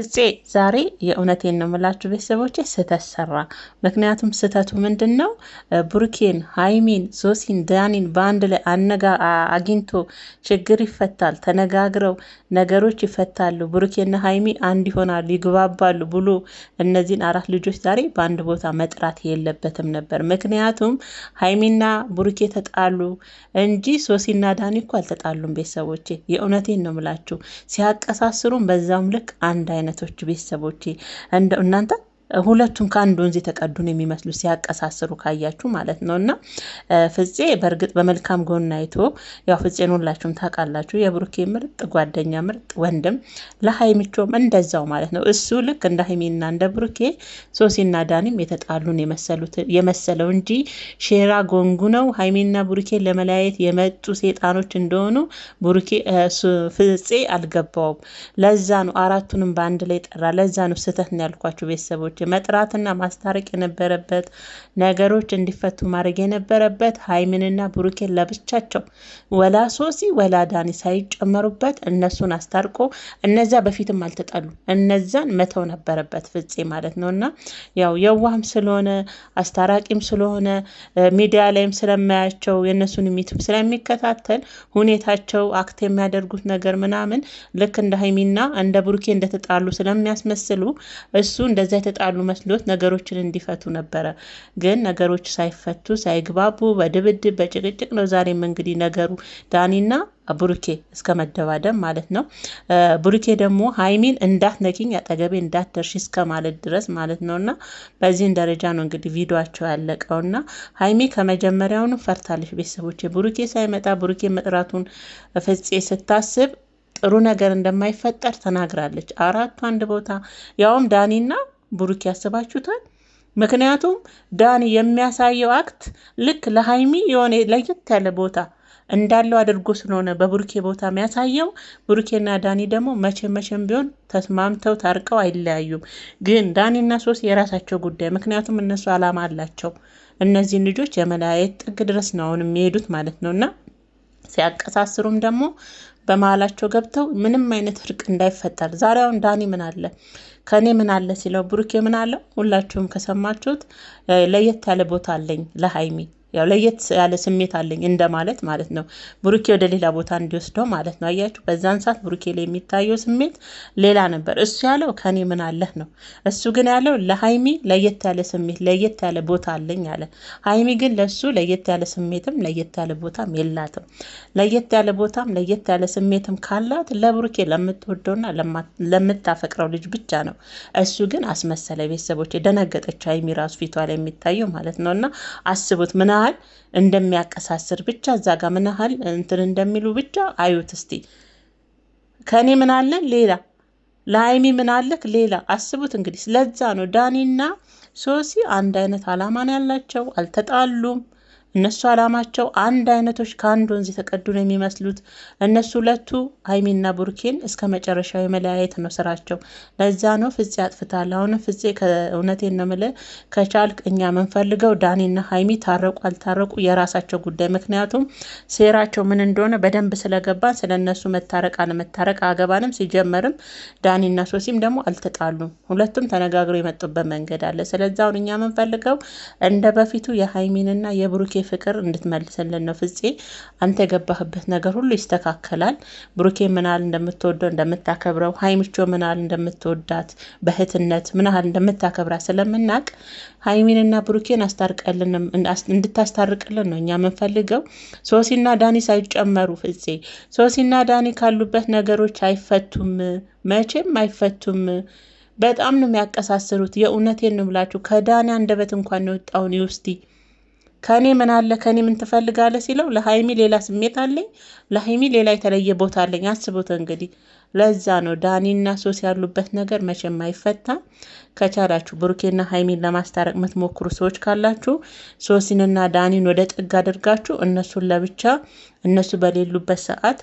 እፄ ዛሬ የእውነቴን ነው የምላችሁ ቤተሰቦች፣ ስህተት ሰራ። ምክንያቱም ስህተቱ ምንድን ነው? ብሩኬን፣ ሀይሚን፣ ዞሲን፣ ዳኒን በአንድ ላይ አነጋ አግኝቶ ችግር ይፈታል፣ ተነጋግረው ነገሮች ይፈታሉ፣ ብሩኬና ሀይሚ አንድ ይሆናሉ፣ ይግባባሉ ብሎ እነዚህን አራት ልጆች ዛሬ በአንድ ቦታ መጥራት የለበትም ነበር። ምክንያቱም ሀይሚና ብሩኬ ተጣሉ እንጂ ሶሲና ዳኒ እኮ አልተጣሉም። ቤተሰቦች፣ የእውነቴን ነው የምላችሁ ሲያቀሳስሩም በዛውም ልክ አንድ አይነት አይነቶች ቤተሰቦቼ እናንተ ሁለቱም ከአንድ ወንዝ የተቀዱ የሚመስሉ ሲያቀሳስሩ ካያችሁ ማለት ነው። እና ፍፄ በእርግጥ በመልካም ጎን አይቶ ያው ፍፄን ሁላችሁም ታውቃላችሁ፣ የብሩኬ ምርጥ ጓደኛ፣ ምርጥ ወንድም፣ ለሀይሚቾም እንደዛው ማለት ነው። እሱ ልክ እንደ ሀይሚና እንደ ብሩኬ ሶሲና ዳኒም የተጣሉን የመሰለው እንጂ ሼራ ጎንጉ ነው ሀይሚና ብሩኬ ለመለያየት የመጡ ሴጣኖች እንደሆኑ ብሩኬ ፍፄ አልገባውም። ለዛ ነው አራቱንም በአንድ ላይ ጠራ። ለዛ ነው ስህተት ነው ያልኳችሁ ቤተሰቦች ሰዎች መጥራትና ማስታረቅ የነበረበት ነገሮች እንዲፈቱ ማድረግ የነበረበት ሀይሚንና ብሩኬን ለብቻቸው ወላ ሶሲ ወላ ዳኒ ሳይጨመሩበት እነሱን አስታርቆ እነዛ በፊትም አልተጣሉ እነዛን መተው ነበረበት ፍጼ ማለት ነው። እና ያው የዋህም ስለሆነ አስታራቂም ስለሆነ ሚዲያ ላይም ስለማያቸው የእነሱን ሚትም ስለሚከታተል ሁኔታቸው አክት የሚያደርጉት ነገር ምናምን ልክ እንደ ሀይሚና እንደ ብሩኬ እንደተጣሉ ስለሚያስመስሉ እሱ እንደዚያ የተጣ የተጣሉ መስሎት ነገሮችን እንዲፈቱ ነበረ። ግን ነገሮች ሳይፈቱ ሳይግባቡ በድብድብ በጭቅጭቅ ነው። ዛሬም እንግዲህ ነገሩ ዳኒና ቡሩኬ እስከ መደባደብ ማለት ነው። ቡሩኬ ደግሞ ሀይሚን እንዳትነኪኝ አጠገቤ እንዳትደርሺ እስከ ማለት ድረስ ማለት ነው። እና በዚህን ደረጃ ነው እንግዲህ ቪዲዮቸው ያለቀው። እና ሀይሚ ከመጀመሪያውኑ ፈርታለች። ቤተሰቦች ቡሩኬ ሳይመጣ ቡሩኬ መጥራቱን ፍፄ ስታስብ ጥሩ ነገር እንደማይፈጠር ተናግራለች። አራቱ አንድ ቦታ ያውም ዳኒና ብሩክ ያስባችሁታል። ምክንያቱም ዳኒ የሚያሳየው አክት ልክ ለሀይሚ የሆነ ለየት ያለ ቦታ እንዳለው አድርጎ ስለሆነ በብሩኬ ቦታ የሚያሳየው ብሩኬና ዳኒ ደግሞ መቼም መቼም ቢሆን ተስማምተው ታርቀው አይለያዩም። ግን ዳኒና ሶስት የራሳቸው ጉዳይ፣ ምክንያቱም እነሱ አላማ አላቸው። እነዚህን ልጆች የመለያየት ጥግ ድረስ ነው አሁን የሚሄዱት ማለት ነው እና ሲያቀሳስሩም ደግሞ በመሀላቸው ገብተው ምንም አይነት እርቅ እንዳይፈጠር ዛሬ አሁን ዳኒ ምን አለ ከእኔ ምን አለ ሲለው ብሩኬ ምን አለው? ሁላችሁም ከሰማችሁት ለየት ያለ ቦታ አለኝ ለሀይሚ ያው ለየት ያለ ስሜት አለኝ እንደማለት ማለት ነው። ብሩኬ ወደ ሌላ ቦታ እንዲወስደው ማለት ነው። አያችሁ፣ በዛን ሰዓት ብሩኬ ላይ የሚታየው ስሜት ሌላ ነበር። እሱ ያለው ከኔ ምን አለህ ነው። እሱ ግን ያለው ለሀይሚ ለየት ያለ ስሜት ለየት ያለ ቦታ አለኝ አለ። ሀይሚ ግን ለሱ ለየት ያለ ስሜትም ለየት ያለ ቦታም የላትም። ለየት ያለ ቦታም ለየት ያለ ስሜትም ካላት ለብሩኬ ለምትወደውና ለምታፈቅረው ልጅ ብቻ ነው። እሱ ግን አስመሰለ። ቤተሰቦች የደነገጠችው ሀይሚ ራሱ ፊቷ ላይ የሚታየው ማለት ነው እና አስቡት ምና ያህል እንደሚያቀሳስር ብቻ እዛ ጋር ምን ያህል እንትን እንደሚሉ ብቻ አዩት እስቲ። ከእኔ ምን አለ ሌላ ለሀይሚ ምን አለክ ሌላ አስቡት እንግዲህ። ስለዛ ነው ዳኒና ሶሲ አንድ አይነት አላማ ነው ያላቸው። አልተጣሉም። እነሱ አላማቸው አንድ አይነቶች ከአንድ ወንዝ የተቀዱ ነው የሚመስሉት። እነሱ ሁለቱ ሀይሚና ቡርኬን እስከ መጨረሻው የመለያየት ነው ስራቸው። ለዛ ነው ፍጼ አጥፍታል። አሁንም ፍጼ ከእውነቴ ነው የምልህ፣ ከቻልክ እኛ የምንፈልገው ዳኒና ሀይሚ ታረቁ አልታረቁ የራሳቸው ጉዳይ። ምክንያቱም ሴራቸው ምን እንደሆነ በደንብ ስለገባን ስለ እነሱ መታረቅ አለመታረቅ አገባንም። ሲጀመርም ዳኒና ሶሲም ደግሞ አልተጣሉም። ሁለቱም ተነጋግረው የመጡበት መንገድ አለ። ስለዚ አሁን እኛ የምንፈልገው እንደ በፊቱ የሀይሚንና የቡርኬ ፍቅር እንድትመልስልን ነው። ፍጼ አንተ የገባህበት ነገር ሁሉ ይስተካከላል። ብሩኬ ምናል እንደምትወደው እንደምታከብረው፣ ሀይሚቾ ምናል እንደምትወዳት በእህትነት ምናል እንደምታከብራት ስለምናቅ ሀይሚንና ብሩኬን እንድታስታርቅልን ነው እኛ የምንፈልገው። ሶሲና ዳኒ ሳይጨመሩ ፍጼ ሶሲና ዳኒ ካሉበት ነገሮች አይፈቱም፣ መቼም አይፈቱም። በጣም ነው የሚያቀሳስሩት። የእውነቴን ነው ብላችሁ ከዳኒ አንደበት እንኳን የወጣውን ይውስቲ ከኔ ምን አለ ከኔ ምን ትፈልጋለህ ሲለው ለሀይሚ ሌላ ስሜት አለኝ፣ ለሀይሚ ሌላ የተለየ ቦታ አለኝ። አስቡት እንግዲህ። ለዛ ነው ዳኒና ሶስ ያሉበት ነገር መቼም አይፈታም። ከቻላችሁ ብሩኬና ሀይሚን ለማስታረቅ የምትሞክሩ ሰዎች ካላችሁ ሶሲንና ዳኒን ወደ ጥግ አድርጋችሁ እነሱን ለብቻ እነሱ በሌሉበት ሰዓት